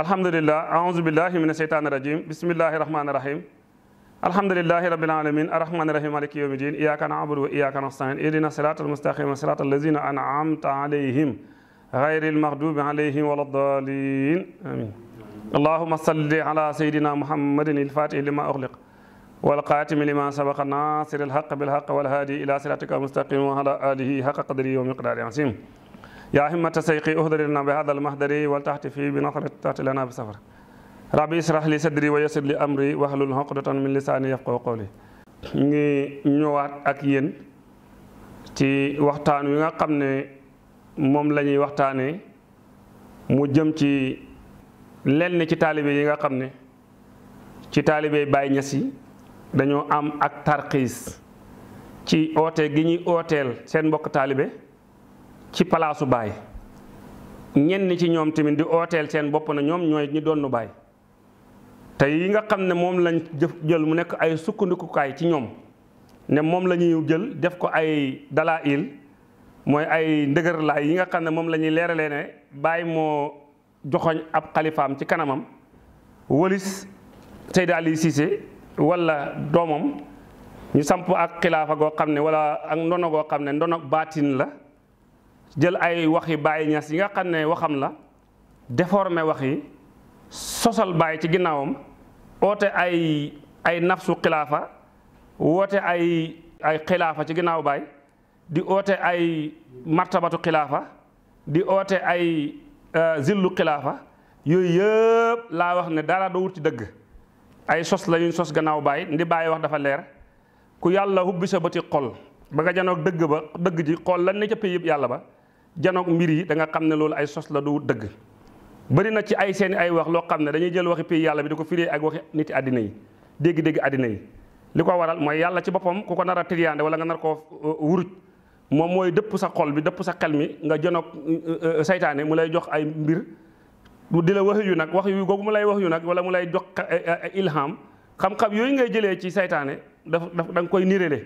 alhamdulilah aousubillahi min asheytaani rajim bismillahi rahmaani rahim alhamdulilahi rabbil alamin arrahmaani rahim maliki yawmi din iyyaka na'budu wa iyyaka nasta'in ihdina siratal mustaqima siratal lazina an'amta alayhim ghayril maghdubi alayhim waladdallin amin allahumma salli ala sayyidina muhammadin il-fatihi lima ughliq والقاتم لما سبق الناصر الحق بالحق والهادي إلى صراطك المستقيم وعلى آله حق قدره ومقداره عظيم yaa himmata sayqi uhdalilna bi hada almahdari wal taxti fii bi na nasrat taxti lana bi safar rabbi israh li sadri wa yassir li amri wahlul uqdatan min lisaani yafqahu qawli ñu ngi ñëwaat ak yéen ci waxtaan wi nga xam ne moom la ñuy waxtaanee mu jëm ci lenn ci taalibe yi nga xam ne ci taalibe Baay Ñas yi dañoo am ak tarxiis ci oote gi ñuy ooteel seen mbokk taalibe ci palaasu baay ñenn ci ñoom tamit di ooteel seen bopp na ñoom ñooy ñi doon nu baay tey yi nga xam ne moom lañ jëf jël mu nekk ay sukkandikukaay ci ñoom ne moom la ñuy jël def ko ay dalaa il mooy ay ndëgër ndëgërlaay yi nga xam ne moom lañuy leeralee ne baay moo joxoñ ab xalifaam ci kanamam wëlis Seyda Ali Cissé wala doomam ñu samp ak xilaafa goo xam ne wala ak ndono goo xam ne ndono baatin la jël ay wax waxi Baye ñas yi nga xam ne waxam la déformé wax yi sosal Baye ci ginnaawam oote ay ay nafsu xilaafa woote ay ay xilaafa ci ginnaaw Baye di oote ay martabatu xilaafa di oote ay euh, zillu xilaafa yooyu yëpp laa wax ne dara doo wut ci dëgg ay sos la ñu sos gannaaw Baye ndi bàyyi wax dafa leer ku yàlla hubbi sa bëti xool ba nga janoog dëgg ba dëgg ji xool lan ne ca yëpp yàlla ba janoog mbir yi da nga xam ne loolu ay sos la du dëgg bëri na ci ay seen ay wax loo xam ne dañuy jël waxi pii yàlla bi di ko firee ak waxi nit àddina yi dégg-dégg àddina yi li ko waral mooy yàlla ci boppam ku ko nar tiriyaande wala nga nar ko euh, wuruj moom mooy dëpp sa xol bi dëpp sa xel mi nga janoog euh, euh, saytaane mu lay jox ay mbir di la wax yu nag wax yu googu mu lay wax yu nag wala mu lay jox ilham xam-xam yooyu ngay jëlee ci saytaane daf daf da koy nirale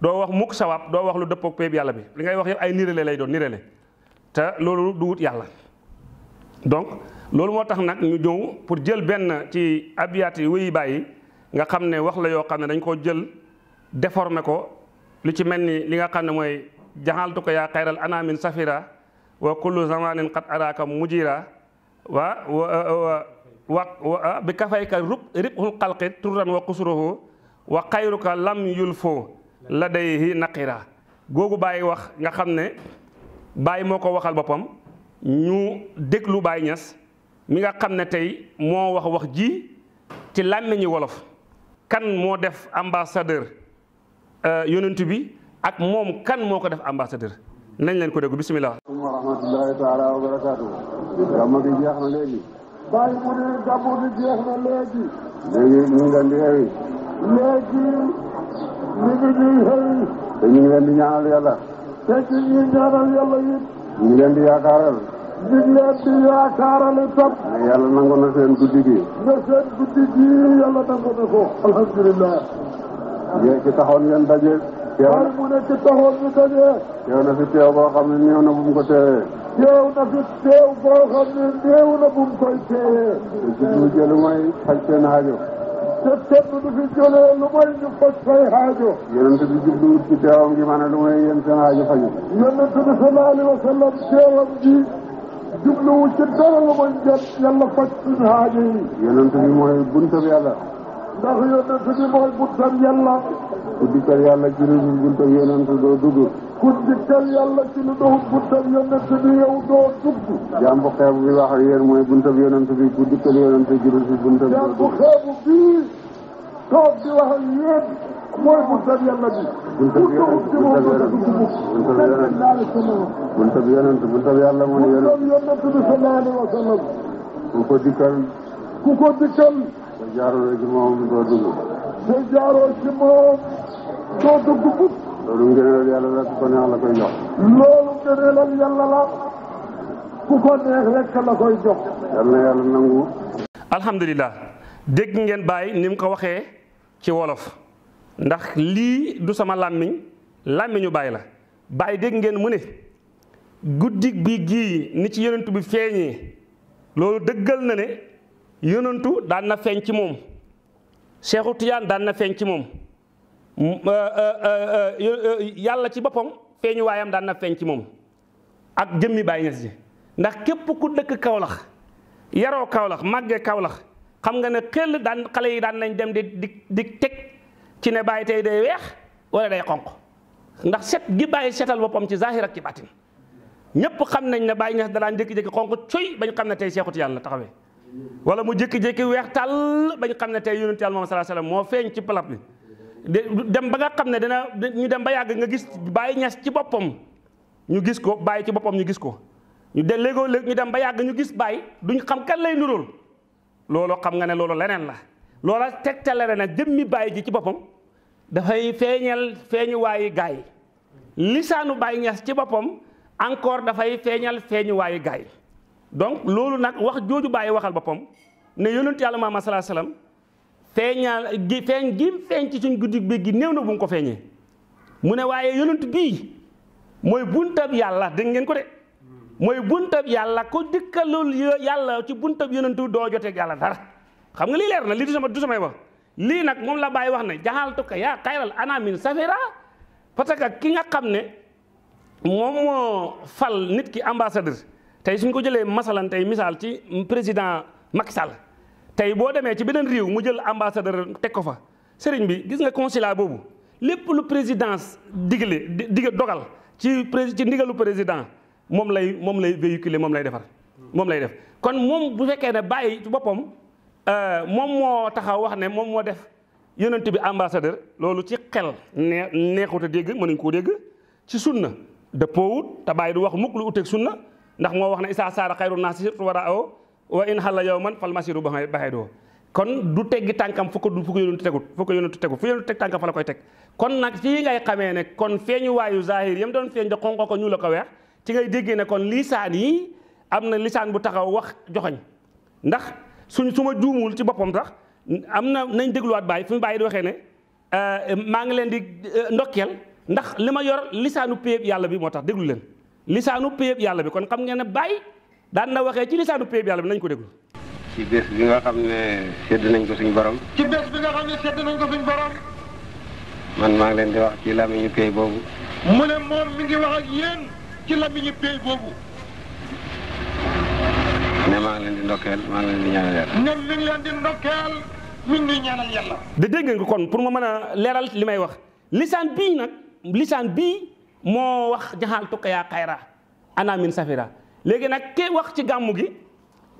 doo wax mukk sawab doo wax lu dëppoog péeb bi li ngay wax yëpp ay nirale lay doon nirale te loolu du wut yàlla donc loolu moo tax nag ñu ñëw pour jël benn ci abiyaat yi wéyi bàyyi nga xam ne wax la yoo xam ne dañ koo jël déformé ko lu ci mel ni li nga xam ne mooy jaxaltu ko yaa xayral anaamin safira wa kullu zamanin qad araaka mujira wa wa bi kafayka rub ribhul xalqi turran wa kusuruhu wa xayruka lam yulfo ladayhi naqira googu bàyyi wax nga xam ne bàyyi moo ko waxal boppam ñu déglu Baye Niass mi nga xam ne tey moo wax wax ji ci làmmiñu wolof kan moo def ambassadeur euh, yonent bi ak moom kan moo ko def ambassadeur nañ leen ko déglu bisimilah. wa rahmatullahi taala wa barakaatu. jeex na léegi. Baye mu ne gàmmu gi jeex na léegi. léegi ñu ngi leen di xëy. léegi ñu ngi ñuy xëy. te ñu ngi leen di ñaanal yàlla. te ci ñuy ñaanal yàlla yi. ñu ngi leen di yaakaaral. ñu ngi leen di yaakaaral itam. mais yàlla nangu na seen guddi gi. na seen guddi gi yàlla nangu na ko. alhamdulilah. yéen ci taxoon ngeen daje. teew waaye mu ne ci taxoon ñu daje. teew na fi teew boo xam ne néew na bu mu ko teewee. teew na fi teew boo xam ne néew na bu mu koy teewee. te jublu jëlu mooy faj seen aajo. te tedd du fi jëlee lu mooy ñu faj fay haajo. yonent bi jubluwut ci teewam gi maanaam lu mooy yéen seen haajo faju. yonent bi sallallahu alayhi wa sallam teewam gi jubluwut ci dara lu mooy jot yàlla faj suñu haajo yi. yonent bi mooy buntab yàlla. ndax yonent bi mooy buntab yàlla. ku dikkal yàlla ci buntab yonent doo dugg. ku dikkal yàlla ci lu bu bi wax ak yéen mooy buntab yonent bi ku dikkal yonent ci lu dul buntab. jaam bu bi. toog di wax ak yéen mooy buntab yàlla bi. buntab yàlla bi buntab yàlla bi buntab yàlla mooy yàlla bi sallallahu alayhi wa sallam. ku ko dikkal. ku ko dikkal. te ci moom doo dugg. te ci moom doo dugg. loolu loolu ngëneelal yàlla la ku ko neex rek la koy jox. yal na yàlla nangu. alhamdulilah dégg ngeen bàyyi ni mu ko waxee. ci wolof ndax lii du sama làmmiñ làmmiñu baay la baay dégg ngeen mu ne guddik bi gii ni ci yonentu bi feeñee loolu dëggal na ne yënantu daan na feeñ ci moom Seexu Tijaan daan na feeñ ci moom euh, euh, euh, yàlla ci boppam feeñu waayam daan na feeñ ci moom ak jëmmi Baay Ñas ji ndax képp ku dëkk Kawlax yaroo Kawlax màggee Kawlax xam nga ne këll daan xale yi daan nañ dem di di di teg ci ne bàyyi tey day weex wala day xonq ndax set gi bàyyi setal boppam ci zahir ak ci baatin ñëpp xam nañ ne bàyyi ñax danaan jékki-jékki xonq coy bañ xam ne tey seexut yàlla taxawee wala mu jékki-jékki weex tàll bañ xam ne tey yonent yàlla moom salaa salaam moo feeñ ci palap bi dem ba nga xam ne dina ñu dem ba yàgg nga gis bàyyi ñas ci boppam ñu gis ko bàyyi ci boppam ñu gis ko ñu de léegoo léeg ñu dem ba yàgg ñu gis bàyyi duñ xam kan lay nuróol loolu xam nga ne loolu leneen la loola tegtale na nag jëmmi bàyyi ji ci boppam dafay feeñal feeñuwaayu gaay lisaanu Baay Ñas ci boppam encore dafay feeñal feeñuwaayu gaay donc loolu nag wax jooju Baay waxal boppam ne yonent yàlla Muhammad sallallaahu alayhi wa sallam feeñal gi feeñ gi feeñ ci suñ guddi bi gi néew na bu mu ko feeñee mu ne waaye yonent bii mooy buntab yàlla dégg ko de mooy buntab yàlla ku dikkalul yàlla ci buntab yonentu doo joteeg yàlla dara xam nga lii leer na li du sama du samay wax lii nag moom la bàyyi wax ne jaxaltuka yaa xayral anamin safira parce que ki nga xam ne moom moo fal nit ki ambassadeur tey suñ ko jëlee masalan tey misaal ci président Macky Sall tey boo demee ci beneen réew mu jël ambassadeur teg ko fa sëriñ bi gis nga consulat boobu lépp lu présidence digle dig dogal ci ci ndigalu président moom lay moom lay véhiculer moom lay defar moom lay def kon moom bu fekkee ne bàyyi ci boppam euh, moom moo taxaw wax ne moom moo def yonent bi ambassadeur loolu ci xel nee neexut a dégg mënuñ koo dégg ci sunna dëppoowut te bàyyi du wax mukk lu uteeg sunna ndax moo wax ne saa saara xayru naa si surtu war a aw wa in xalla yow man fal masiru ba baxeedoo kon du teggi tànkam fu ko du fu ko yonentu tegut fu ko yonentu tegut fu yonentu teg tànkam fa la koy teg kon nag fii ngay xamee ne kon feeñu waayu zahir yam doon feeñ da xonqo ko ñu la ko weex ci ngay déggee ne kon lisaan yi am na lisaan bu taxaw wax joxoñ ndax suñ su ma juumul ci boppam sax am na nañ dégluwaat bàyyi fu mu bàyyi di waxee ne euh, maa ngi leen di euh, ndokkeel ndax li ma yor lisaanu péyeb yàlla bi moo tax déglu leen lisaanu péyeb yàlla bi kon xam ngeen ne bàyyi daan na waxee ci lisaanu péyeb yàlla bi nañ ko déglu ci bés bi nga xam ne sedd nañ ko suñ borom ci bés bi nga xam ne sedd nañ ko suñ borom man maa ngi leen di wax ci làmmiñu boobu ci lamiñu pay boobu. ne maa ngi leen di ndokkeel mi ngi leen yàlla. da dégg nga kon pour ma mën a leeral li may wax lisaan bii nag lisaan bii moo wax jaxaal tukka yaa xayra anaamin safira léegi nag ke wax ci gàmmu gi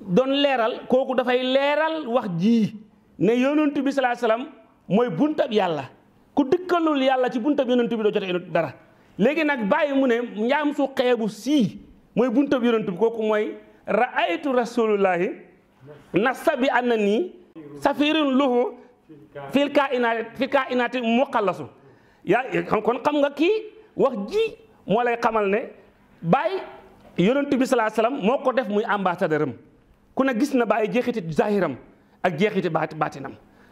doon leeral kooku dafay leeral wax ji ne yonent bi salaa salaam mooy buntab yàlla ku dëkkalul yàlla ci buntab yonent bi doo jotee dara. léegi nag bàyyi mu ne njaam su xeebu sii mooy buntab yonent bi kooku mooy raaytu rasulullahi na sabi anna nii safirun lahu fil kaa inaati fil kaa inaati muqallasu yaa kon xam nga kii wax ji moo lay xamal ne bàyyi yonent bi salaa salaam moo ko def muy ambassadeur am ku ne gis na bàyyi jeexiti zahiram ak jeexiti baati baatinam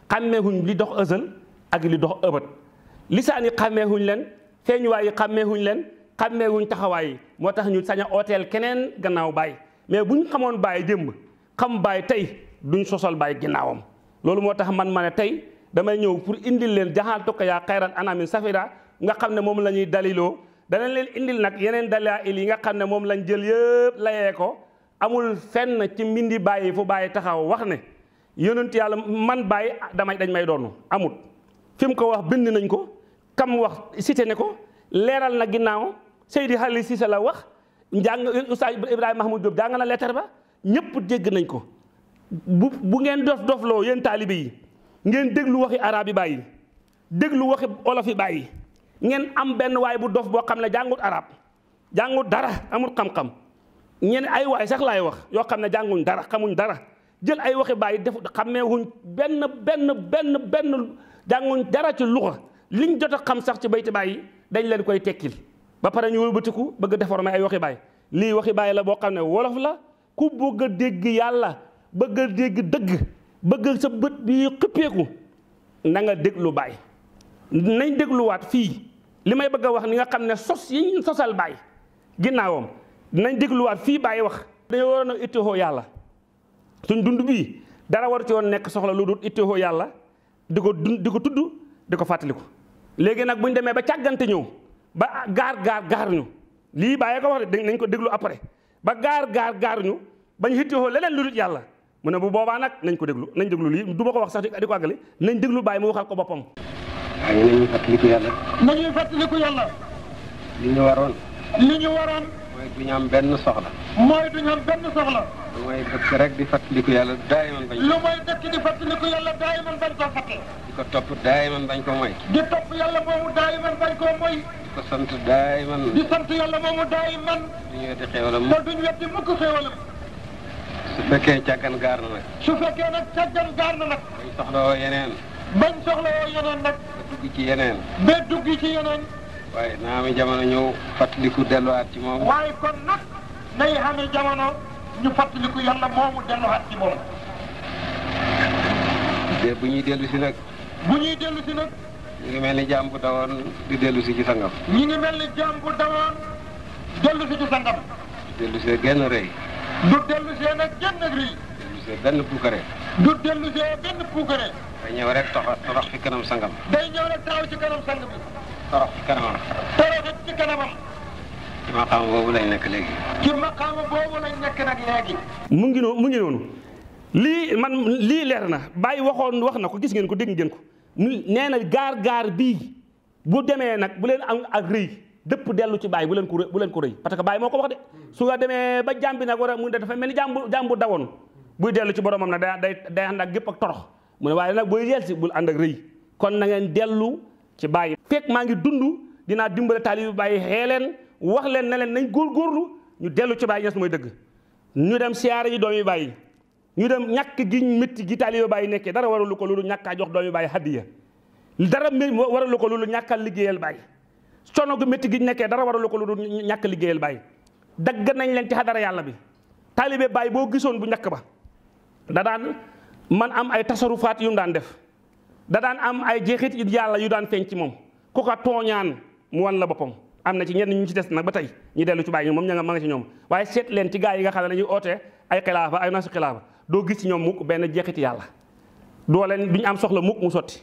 xàmmeehuñ li dox ësal ak li dox ëbët lisaani xàmmeehuñ leen feeñuwaay yi xàmmeewuñ leen xàmmeewuñ taxawaay moo tax ñu sañ a ooteel keneen gannaaw baay mais bu xamoon baay démb xam baay tey duñ sosal baay ginnaawam loolu moo tax man ma ne tey damay ñëw pour indil leen jaxaal tokko yaa xayran anaamin safira nga xam ne moom la ñuy daliloo danañ leen indil nag yeneen dalail yi nga xam ne moom lañ jël yëpp layee ko amul fenn ci mbindi baay yi fu baay taxaw wax ne yonent yàlla man baay damay dañ may doon amut fi ko kam wax cité ne ko leeral na ginnaaw Seydi Xalil Cissé la wax njàng Oustaz Ibrahima Mahmoud Diop jàng na leetar ba ñëpp dégg nañ ko bu bu ngeen dof dofloo yéen taalibe yi ngeen déglu waxi araab yi bàyyi déglu waxi olof yi bàyyi ngeen am benn waay bu dof boo xam ne jàngut araab jàngut dara amul xam-xam ñeen ay waay sax laay wax yoo xam ne jànguñ dara xamuñ dara jël ay waxi bàyyi ne xammeewuñ benn benn benn benn jànguñ dara ci luxa liñ jot a xam sax ci bayti baay yi dañ leen koy tekkil ba pare ñu wëlbatiku bëgg déformé ay waxi baay lii waxi bàyyi la boo xam ne wolof la ku bëgg a dégg yàlla bëgg a dégg dëgg bëgg sa bët bi xëppeeku na nga déglu baay nañ dégluwaat fii li may bëgg a wax ni nga xam ne sos yi sosal baay ginnaawam nañ dégluwaat fii baay wax dañoo waroon a ittiwoo yàlla suñ dund bii dara war ci woon nekk soxla lu dul ittiwoo yàlla di ko dund di ko tudd di ko fàttaliku léegi nag bu ñu demee ba càggante ñëw ba gaar gaar gaar ñu lii bàyyi ko wax de nañ ko déglu après ba gaar gaar gaar ñu bañ xittiwoo leneen lu dul yàlla mu ne bu boobaa nag nañ ko déglu nañ déglu lii du ma ko wax sax di ko àggale nañ déglu bàyyi mu waxal ko boppam. waaye nañuy fàttaliku yàlla. nañuy fàttaliku yàlla. li ñu waroon. li ñu waroon. mooy du ñu am benn soxla. mooy du ñu am benn soxla. lu may dëkk rek di fàttaliku yàlla daay man bañ. lu may dëkk di fàttaliku yàlla daay man bañ koo fàtte. di ko topp daay man bañ koo mooy. di topp yàlla moomu daay man bañ koo mooy. di ko sant daay man. di sant yàlla moomu daay man. du ñu wetti xéewalam. te du ñu wetti mukk xéewalam. su fekkee càggan gaar na nag. su fekkee nag càggan gaar na nag. bañ soxla woo yeneen. bañ soxla woo yeneen nag. ba dugg ci yeneen. ba dugg ci yeneen. waaye naa amee jamono ñëw fàttaliku delluwaat ci moom. waaye kon nag nay amee jamono ñu fàttaliku yàlla moomu delluwaat ci moom. de bu ñuy dellu si nag. bu ñuy dellu si nag. ñu ngi mel ni jaam bu dawoon di dellu si ci sangam. ñu ngi mel ni jaam bu si genn rëy. du dellu nag genn rëy. dellu benn puukare. lu dellu see benn puukare. day rek taxaw taxaw fi kanam sangam. day ñëw rek taxaw ci kanam sang bi. torox ci kanamam. torox ci kanamam. nekk léegi. ci maqaama boobu lañ mu ngi noonu mu ngi noonu lii man lii leer na bàyyi waxoon wax na ko gis ngeen ko dégg ngeen ko nee na gaar gaar bii bu demee nag bu leen am ak rëy dëpp dellu ci bàyyi bu leen ko bu leen ko rëy parce que bàyyi moo ko wax de su nga demee ba jàmbi nag war a mu ne dafa mel ni jàmbu jàmbu dawoon buy dellu ci boromam nag day day day ak gépp ak torox mu ne waaye nag booy yeel si bul ànd ak rëy kon na ngeen dellu ci bàyyi. fekk maa ngi dund dinaa dimbale taalibe Baay xee leen wax leen ne leen nañ góorgóorlu ñu dellu ci Baay Ñas mooy dëgg ñu dem siyaare ji doomi Baay ñu dem ñàkk gi métti gi taalibe Baay nekkee dara waralu ko loolu ñàkkaa jox doomi Baay hadiya dara waralu ko loolu ñàkka liggéeyal Baay coono gu métti gi nekkee dara waralu ko loolu ñàkk liggéeyal Baay dagg nañ leen ci xadara yàlla bi taalibe Baay boo gisoon bu ñàkk ba da daan man am ay tasarufaat yu nu daan def da daan am ay jeexit yàlla yu daan feeñ ci moom ku ko tooñaan mu wan la boppam am na ci ñenn ñu ci des nag ba tey ñu dellu ci bàyyi ñoom moom ña nga ma nga ci ñoom waaye seet leen ci gaa yi nga xam ne dañuy oote ay xilaafa ay nasu xilaafa doo gis ci ñoom mukk benn jeexiti yàlla doo leen duñu am soxla mukk mu sotti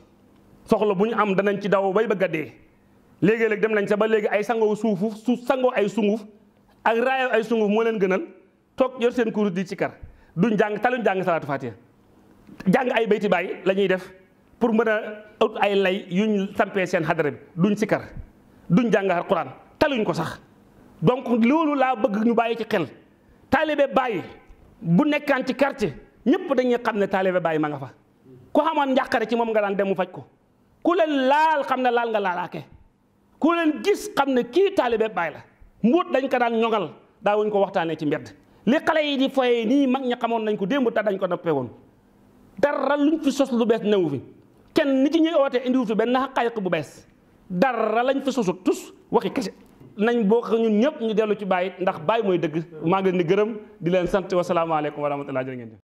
soxla bu ñu am danañ ci daw bay ba a léegi-léeg dem nañ sa ba léegi ay sangoo suufu su sangoo ay sunguf ak raayo ay sunguf moo leen gënal toog yor seen kurus di ci kar duñ jàng taluñ jàng salaatu faatiha jàng ay bayti bàyyi la ñuy def pour mën a ut ay lay yuñ sampee seen xadara bi duñ sikkar duñ jàngaar alquran taluñ ko sax donc loolu laa bëgg ñu bàyyi ci xel taalibe bàyyi bu nekkaan ci quartier ñëpp dañuy xam ne taalibe bàyyi ma nga fa ku xamoon njàqare ci moom nga daan dem mu faj ko ku leen laal xam ne laal nga laalaake ku leen gis xam ne kii taalibe bàyyi la mbóot dañ ko daan ñogal daawuñ ko waxtaanee ci mbedd li xale yi di foyee nii mag ñi xamoon nañ ko démb te dañ ko noppee woon dara luñ fi sos lu bees newu fi kenn ni ci ñuy ootee indiwutu benn xaqaayiq bu bees dara lañ fa sosut tus waxi kese nañ boo ko ñun ñu dellu ci bàyyi ndax bàyyi mooy dëgg maa ngi leen gërëm di leen sant wasalaamaaleykum wa rahmatulah jërë ngeen jëf